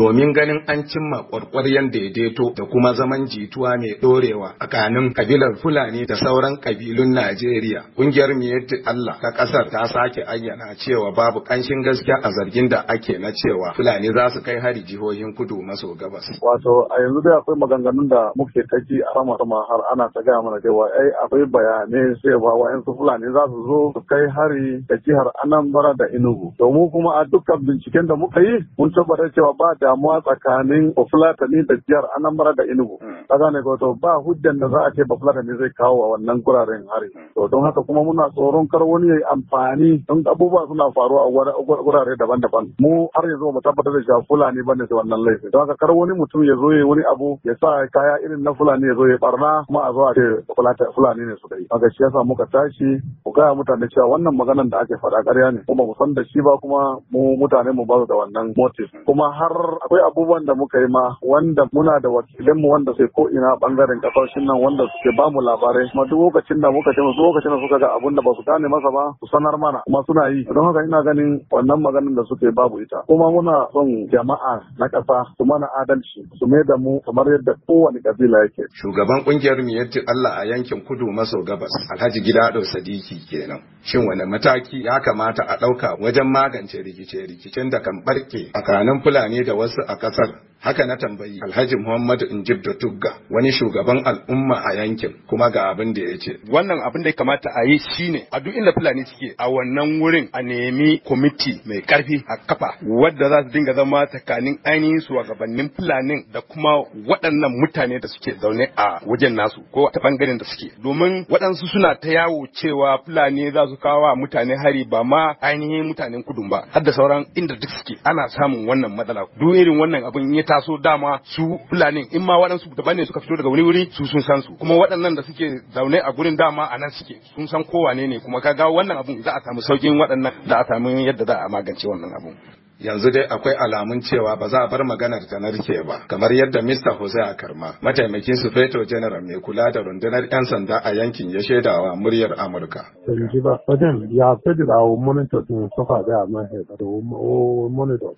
domin ganin an cimma kwarkwaryen daidaito da kuma zaman jituwa mai dorewa tsakanin kabilar Fulani da sauran kabilun Najeriya. Kungiyar Miyetti Allah ta ƙasar ta sake ayyana cewa babu ƙanshin gaskiya a zargin da ake na cewa Fulani za su kai hari jihohin kudu maso gabas. Wato a yanzu dai akwai maganganun da muke ta ji a sama sama har ana ta gaya mana cewa ai akwai bayanai cewa wa'yansu Fulani za su zo su kai hari da jihar Anambra da Enugu. To mu kuma a dukkan binciken da muka yi mun tabbatar cewa ba da damuwa tsakanin Bafulatani da jihar Anambra da Enugu. Hmm. Ka gane ko to ba hujjan da za a ce fulatani zai kawo a wannan guraren hari. Hmm. To don haka kuma muna tsoron kar wani ya amfani don abubuwa suna faruwa a gurare daban-daban. Mu har yanzu mu tabbatar da Fulani ba ne da wannan laifi. Don haka kar wani mutum ya zo ya wani abu ya sa kaya irin na Fulani ya zo ya barna kuma a zo a ce Fulani ne suka yi. Haka shi yasa muka tashi ku gaya mutane cewa wannan maganan da ake faɗa ƙarya ne kuma mu san da shi ba kuma mu mutane mu ba da wannan motive kuma har akwai abubuwan da muka yi ma wanda muna da wakilanmu wanda sai ko ina bangaren kasashen nan wanda suke ba mu labarai kuma duk lokacin da muka ce musu lokacin da suka ga abun da ba su gane masa ba su sanar mana kuma suna yi don haka ina ganin wannan maganan da suke babu ita kuma muna son jama'a na ƙasa su mana adalci su mai da mu kamar yadda kowane kabila yake shugaban kungiyar miyatti Allah a yankin kudu maso gabas Alhaji Gidado Sadiki kenan shin wani mataki ya kamata a ɗauka wajen magance rikice-rikicen da kan barke tsakanin fulani da wasu a ƙasar Haka na tambayi Alhaji Muhammadu injib da Tugga wani shugaban al'umma a yankin kuma ga abin da ya ce. Wannan abin da ya kamata a yi shine a duk inda Fulani suke a wannan wurin a nemi kwamiti mai karfi a kafa wadda za su dinga zama tsakanin ainihin shugabannin Fulanin da kuma waɗannan mutane da suke zaune a wajen nasu ko ta bangaren da suke. Domin waɗansu suna ta yawo cewa Fulani za su kawo mutane hari ba ma ainihin mutanen kudun ba har da sauran inda duk suke ana samun wannan matsala. Duk irin wannan abin ya taso dama su fulani in ma waɗansu daban ne suka fito daga wani wuri su sun san su kuma waɗannan da suke zaune a gurin dama a nan suke sun san kowane ne kuma ka ga wannan abun za a samu saukin waɗannan za a samu yadda za a magance wannan abun yanzu dai akwai alamun cewa ba za a bar maganar ta narke ba kamar yadda Mr. Hosea karma, mataimakin su Feto General mai kula da rundunar 'yan sanda a yankin ya shaidawa muryar Amurka.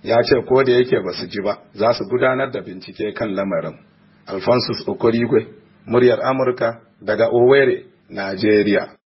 Ya ce ko da yake ba su ji ba za su gudanar da bincike kan lamarin. Alphonsus Okorigwe, muryar Amurka daga Owerri, Najeriya.